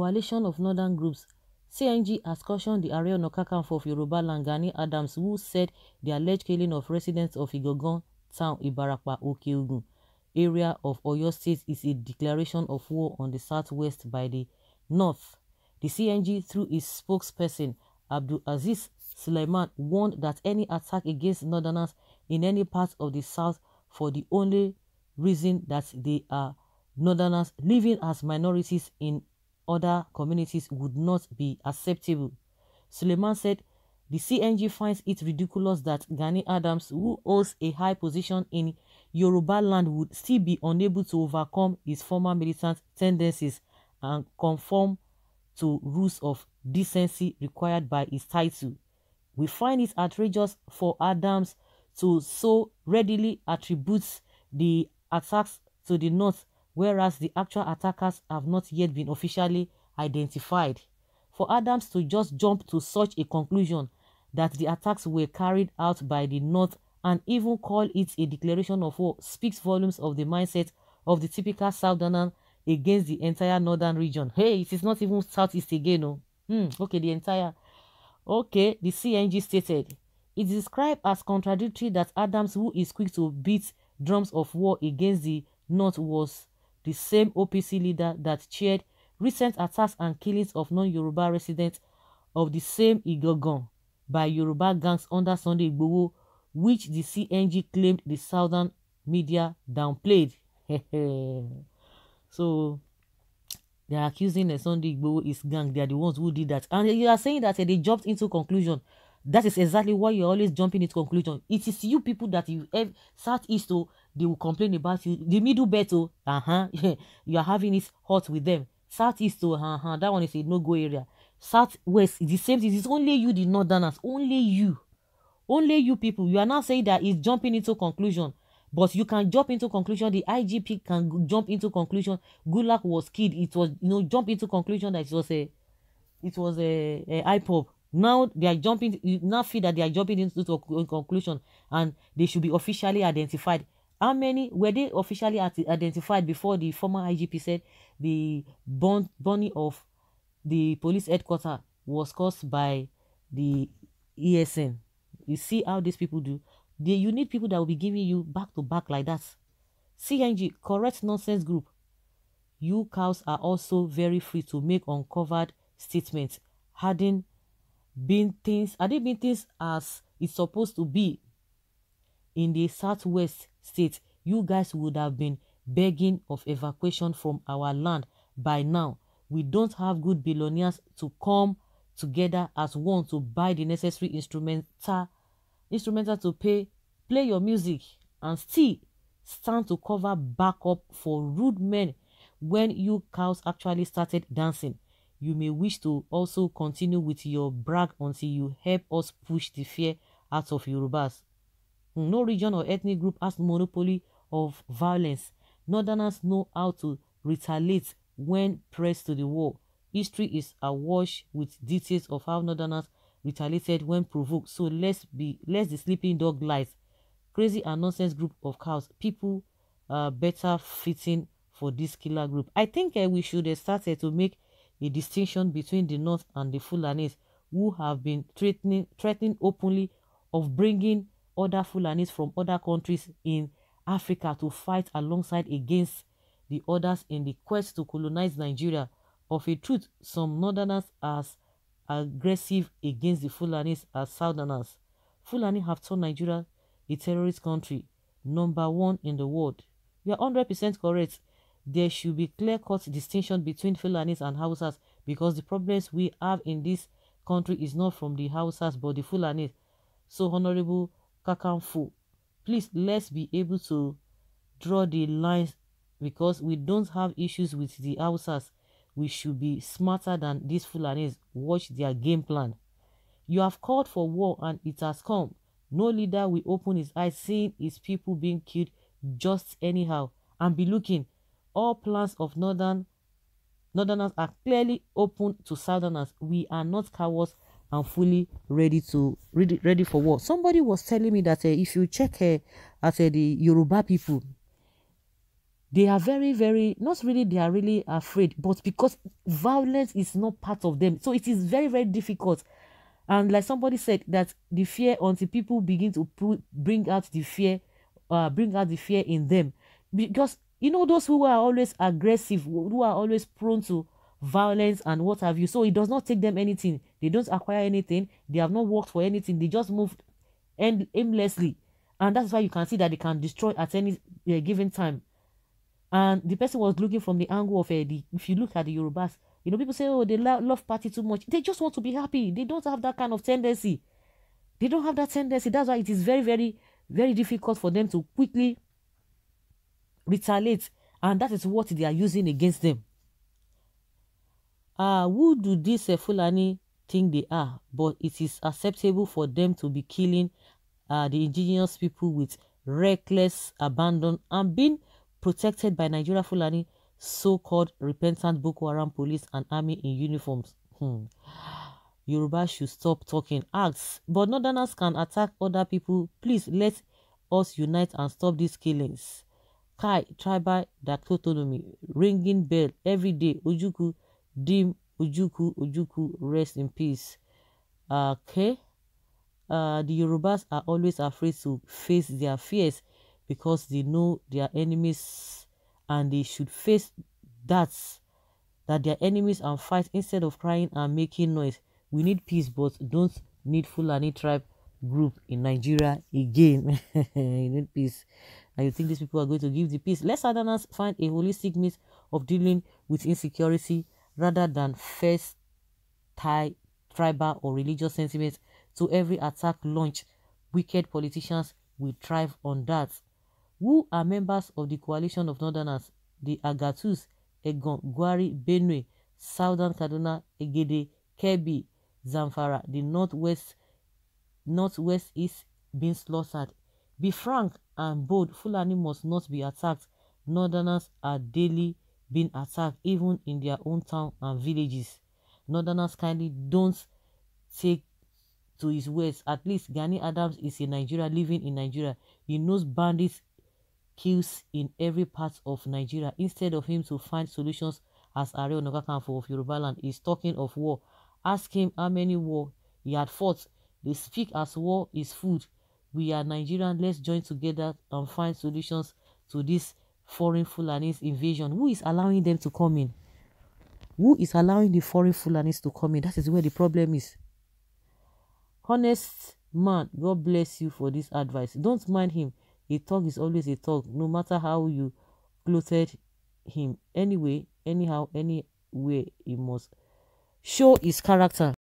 coalition of northern groups, CNG has cautioned the area Ọ̀nà Kakanfò of Yorùbá Langani Adams who said the alleged killing of residents of Igogon town Ibarapa, oke area of Oyo State is a declaration of war on the southwest by the north. The CNG, through its spokesperson Abdul Aziz Suleiman, warned that any attack against northerners in any part of the south for the only reason that they are northerners living as minorities in other communities would not be acceptable. Suleiman said the CNG finds it ridiculous that Gani Adams, who holds a high position in Yoruba land, would still be unable to overcome his former militant tendencies and conform to rules of decency required by his title. We find it outrageous for Adams to so readily attribute the attacks to the North whereas the actual attackers have not yet been officially identified. For Adams to just jump to such a conclusion that the attacks were carried out by the North and even call it a declaration of war speaks volumes of the mindset of the typical Southerner against the entire northern region. Hey, it is not even Southeast again. No. Oh. Hmm, okay, the entire. Okay, the CNG stated. It is described as contradictory that Adams, who is quick to beat drums of war against the North, was the same OPC leader that cheered recent attacks and killings of non-Yoruba residents of the same Igogon by Yoruba gangs under Sunday Igboho, which the CNG claimed the southern media downplayed. so they are accusing the Sunday Igboho is gang. They are the ones who did that, and you are saying that eh, they jumped into conclusion. That is exactly why you're always jumping into conclusion. It is you people that you have southeast to. Oh, they will complain about you. The middle belt, oh, uh-huh, you are having it hot with them. Southeast, oh, uh-huh, that one is a no-go area. Southwest is the same thing. It's only you, the northerners, only you. Only you people. You are not saying that it's jumping into conclusion. But you can jump into conclusion. The IGP can jump into conclusion. Good luck was killed. It was, you know, jump into conclusion that it was a, it was a, a IPOP now they are jumping you now feel that they are jumping into conclusion and they should be officially identified how many were they officially identified before the former IGP said the bon burning of the police headquarters was caused by the ESN? You see how these people do. They, you need people that will be giving you back to back like that. CNG, correct nonsense group. You cows are also very free to make uncovered statements. Hadn't been things, had it been things as it's supposed to be in the southwest State, you guys would have been begging of evacuation from our land by now. We don't have good billionaires to come together as one to buy the necessary instrumental, instrumental to pay, play your music and still stand to cover backup for rude men when you cows actually started dancing. You may wish to also continue with your brag until you help us push the fear out of Yorubas. No region or ethnic group has monopoly of violence. Northerners know how to retaliate when pressed to the wall. History is awash with details of how Northerners retaliated when provoked. So let's be let the sleeping dog lies. Crazy and nonsense group of cows. People are better fitting for this killer group. I think uh, we should uh, start uh, to make a distinction between the North and the Fulanis who have been threatening, threatening openly of bringing other Fulanis from other countries in Africa to fight alongside against the others in the quest to colonize Nigeria. Of a truth, some northerners are aggressive against the Fulanis as southerners. Fulani have turned Nigeria a terrorist country, number one in the world. You are 100% correct. There should be clear-cut distinction between Fulanis and Hausas because the problems we have in this country is not from the Hausas but the Fulanis. So, Honorable Kakanfo, please let's be able to draw the lines because we don't have issues with the outsiders We should be smarter than these Fulanis. Watch their game plan. You have called for war and it has come. No leader will open his eyes seeing his people being killed just anyhow and be looking. All plans of northern northerners are clearly open to southerners. We are not cowards I'm fully ready to ready ready for war. Somebody was telling me that uh, if you check uh, at uh, the Yoruba people, they are very very not really they are really afraid, but because violence is not part of them, so it is very very difficult. And like somebody said that the fear until people begin to bring out the fear, uh, bring out the fear in them, because you know those who are always aggressive, who are always prone to violence and what have you. So it does not take them anything. They don't acquire anything. They have not worked for anything. They just move end- aimlessly. And that's why you can see that they can destroy at any uh, given time. And the person was looking from the angle of uh, the, if you look at the Yorubas, you know, people say, oh, they love party too much. They just want to be happy. They don't have that kind of tendency. They don't have that tendency. That's why it is very, very, very difficult for them to quickly retaliate. And that is what they are using against them. Ah, who do these uh, Fulani think they are? But it is acceptable for them to be killing uh, the indigenous people with reckless abandon and being protected by Nigeria Fulani so-called repentant Boko Haram police and army in uniforms. Hmm. Yoruba should stop talking acts, but northerners can attack other people. Please let us unite and stop these killings. Kai, tribal autonomy, ringing bell every day. Ojuku, Dim Ujuku Ujuku, rest in peace. Okay. Uh, uh, the Yorubas are always afraid to face their fears because they know their enemies and they should face that that their enemies and fight instead of crying and making noise. We need peace, but don't need Fulani tribe group in Nigeria again. you need peace. And you think these people are going to give the peace? Let us find a holistic means of dealing with insecurity rather than face tie tribal or religious sentiments to every attack launched. Wicked politicians will thrive on that. Who are members of the coalition of Northerners? The Agatus, Egon, Gwari, Benue, Southern Kaduna, Egede, Kebi, Zamfara, the Northwest, Northwest is being slaughtered. Be frank and bold. Fulani must not be attacked. Northerners are daily been attacked even in their own town and villages. Northerners kindly don't take to his words. At least Gani Adams is a Nigerian living in Nigeria. He knows bandits kills in every part of Nigeria. Instead of him to find solutions as Are Onokakanfo of Yoruba land is talking of war, ask him how many war he had fought. They speak as war is food. We are Nigerian. Let's join together and find solutions to this foreign Fulanis invasion? Who is allowing them to come in? Who is allowing the foreign Fulanis to come in? That is where the problem is. Honest man, God bless you for this advice. Don't mind him. A talk is always a talk, no matter how you clothed him. Anyway, anyhow, anyway, he must show his character.